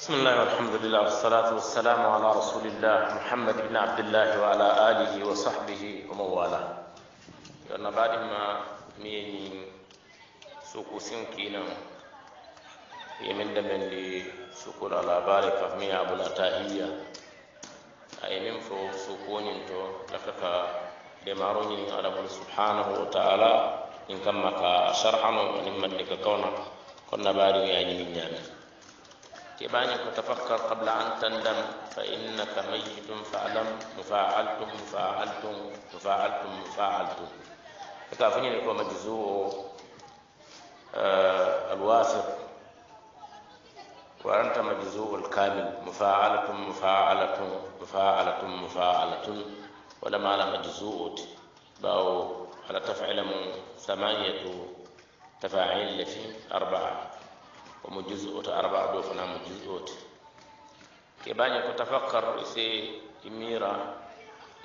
بسم الله والحمد لله والصلاة والسلام على رسول الله محمد بن عبد الله وعلى آله وصحبه وموالاه والاه بعد ما ميني سوكو سنكينا يمن دمن لي سوكو على بارك مي أبو الأتاهية أي من فو سوكو انتو لكك دماروني على سبحانه وتعالى إن كما شرحنا وإن من لك كونك كنا باري يعني من نعمه كباني تفكر قبل أن تندم فإنك ميت فعلم مفاعلتم مفاعلتم مفاعلتم مفاعلتم كافني لكم مجزوء آه الواثق وأنت مجزوء الكامل مفاعلتم مفاعلتم مفاعلتم مفاعلتم ولما على مجزوء باو على تفعيل ثمانية تفاعيل في أربعة omo jus oto arba ɗo fanamo jus oti keɓaña ko tafakkar se mira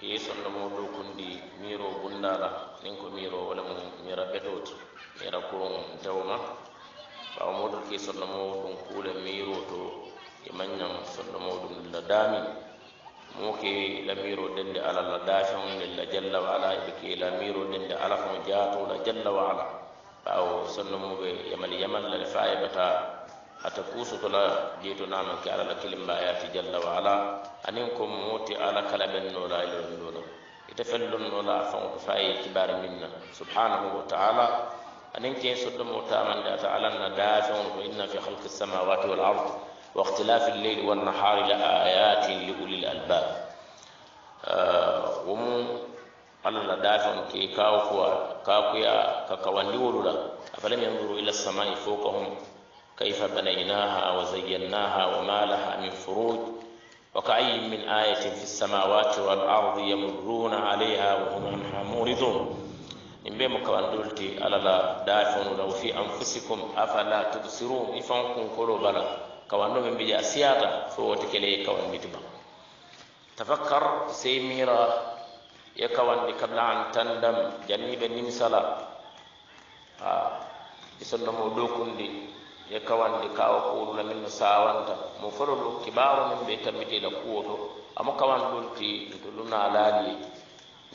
yesonno mo ɗo kondi miro bundala nin ko miro wala mo mira ɓetoti mira kuron dewma ɓawa moɗo ke sonno mo ɗum kuule miro to e mañam sonno mo ɗum la dami moke la miro dende ala la dafion ne la jalla wa ala eɓe ke la miro dende ala kono jaato la jalla wa ala bawo sondomu be yamali yamal la faaye bata ata kuusoto la jeeto naman ke ala la kilimbayati jalla wa ala anin ko mooti ala kala ɓen noola ilon ɗola ite fellon noola a fanko faaye kibaari min na subhanahu wa taala anin ke sondomo tamande ata alan na daafeŋol ko inna fi halqi samawati wal ard wa ihtilafi lleyli wannahari la ayatin li ulil albab womu alla la daafeŋo ke kaawo kuwa kaakuya ka kawandiwolu la afalam yanzuru ila samai fawkahum kayfa banaynaha wa zayyannaha wa ma laha min furuj wa kaayin min ayatin fi samawati wal ardi yamurruna alayha wa hum anha muridun in be mo kawandiwolu ti alla la daafeŋolu la wa fi anfusikum afala tubsirun i faŋ kunkolo bala kawando men bija siyata fo wote kele kawanditi ba tafakkar sey mira e kawandi kablaan tandam janniɓe nimsala ha isonnomo e ɗokundi e kawandi kawa kuulula min no sawanta mo farolu kibaro min ɓe tammitiɗa kuwoto amo kawan ɗolti to luna laaliye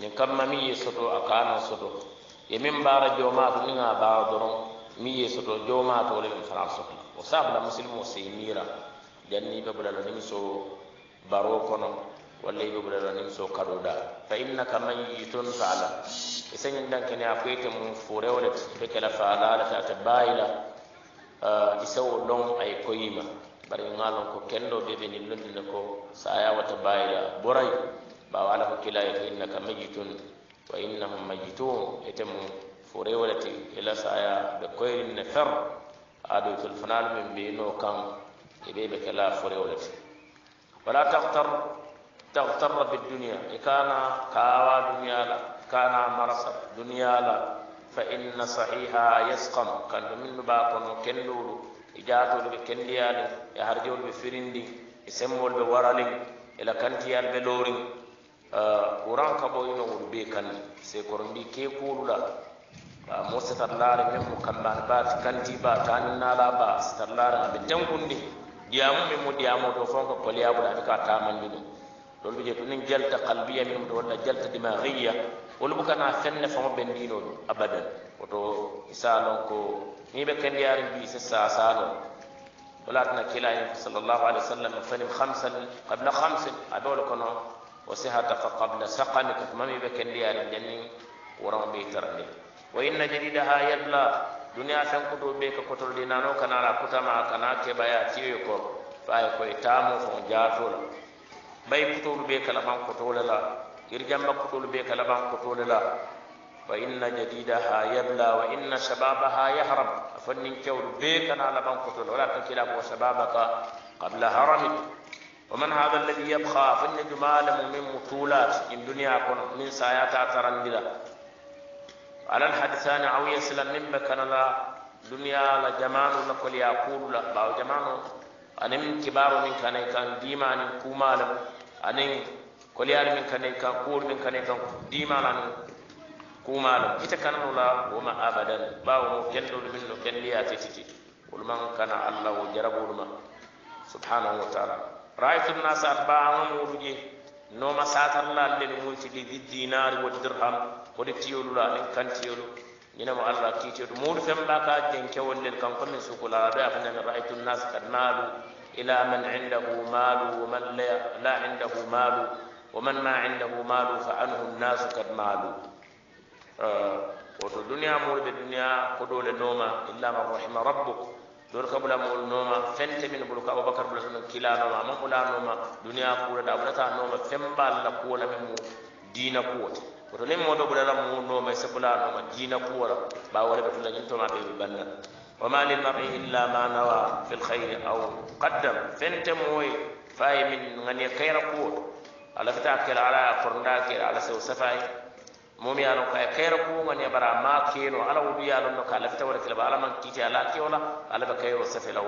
min kamma mi yeesoto a kano soto e min mbara jomato ninga mbaro doron mi yeesoto jomato wala min fana soto o sabla musilme o sey mira janniɓe ɓolala nimso baro kono walla yiɓe ɓura ɗon nin so kaɗoɗa fa innaka mayitun faala e sañin dankene a foyte mum furewle ɓe kela faalala tata bayila i sewo ɗon ay koyima bari ga lon ko kendo ɓeɓe nin londine ko sa yawata bayila boray ɓawa ala ko kilaye fa innaka mayitun wa innahum mayitun ete mum furewle ti ela saya ɓe koyrinne fer aɗo tol fanalu min mbino kan e ɓeɓe kela furewle ti wala tahtar tagtarra bi duniya i e kana kawa duniya la kana marasa duniya la fa inna sahiha yasqam kando minnu ba kono kendolu i e jatolu ɓe kendiyali e harjewolu ɓe firindi e semmol ɓe warali ela kantiyal ɓe lorin kuran kaɓo ino wol be kandi se koro ndi ke kuluɗa mosetat laare men mo kambani ba kanti ba taninnala ba setat laare aɓe tenkundi diyamu min mo diyamoto fon ko koliyaɓuɗa ɓe ka tamandi ɗum lolu be je to nin jalta qalbiya min do walla jalta dimaghiya wolu bukana fenne famo bendino abadan woto isano ko ni be kandi yarin bi se sa sano wala tana kila yin sallallahu alaihi wasallam fanim khamsan qabla khamsin abawla kono wa sihata fa qabla saqan ko mami be kandi yarin janni woran be tarande wa inna jadidaha yalla duniya fen ko do be ka kotol dinano kana ra kutama kana ke baya tiyo ko fa ay ko tamu fon jatola bay kutolu be kalaban kotole la irjamba kutolu be kalaban kotole la fa inna jadidaha yabla wa inna shababaha yahrab afannin kewlu be kana laban kotole wala kan kila ko shababaka qabla haramik ومن هذا الذي يبخى فن جمال من مطولات من دنيا كن من سايات ترندلا على الحدثان او يسلم من بكنا دنيا لجمان لكل يقول لا باو جمانو anin kibaro min kana kan dima anin kuma la anin koliyal min kana kan kur min kana kan dima la kuma la ita kana la wa ma abadan bawo kendo min no kendiya titi wal man kana allah wa jarabu ma subhanahu wa ta'ala ra'aytu an-nas atba'ahum wuruji no ma satar la lil multi li dinar wa dirham ko de tiyolu la anin kan tiyolu ينام على الركيت مول فم بقى جن كون للكم كم من سوق العرب أخنا من رأيت الناس قد مالوا إلى من عنده مال ومن لا لا عنده مال ومن ما عنده مال فعنه الناس قد مالوا وتو دنيا مول بالدنيا قدول النوم إلا من رحم ربك دور قبل مول نوما فنت من بلوك أبو بكر بلسنا كلا نوما ما قلا نوما دنيا قولة دابلتا نوما فنبال لقولة من مول diina kuwo ti woto niŋ moo to bulala mu nooma sebulaa nooma diina kuwo la ba wole be tula to ma be be banna wa ma lil mar'i illa ma nawa fil khair aw qaddam fente moy fay min ngani khair kuwo ala fitaa akel ala qurna ke ala sewo safa ye mum ye lon ko ye kayra kuwo ŋaniya bari ala wudu ye no ka a wala wo ala maŋ kiti ala ke wala ala be kayro safe la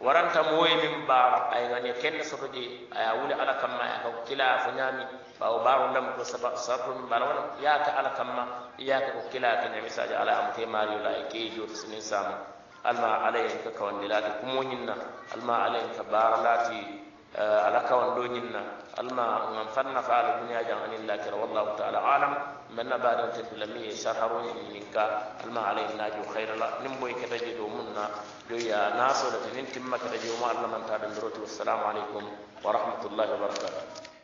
waranta moye min baaro ay ngani kenne soto je aya wuli ala kamma ya ka kila fo ñaami bawo baaro ndam ko sarto min baaro wona yaaka ala kamma yaaka ko kila ka ñami sadio ala amu ke mario la e keejoto sinin sama alma alayen ka kawandilaati kumoñinna alma alayen ka baaralaati ala kawandoñinna alma ngam fanna faala duniya jan anillakira wallahu taala alam من بعد أن تتلمي سرحرون منك الماء عليه الناجو خير الله نموي كتجدو منا ليا ناصرة ننتم كتجدو ما الله من تادم والسلام عليكم ورحمة الله وبركاته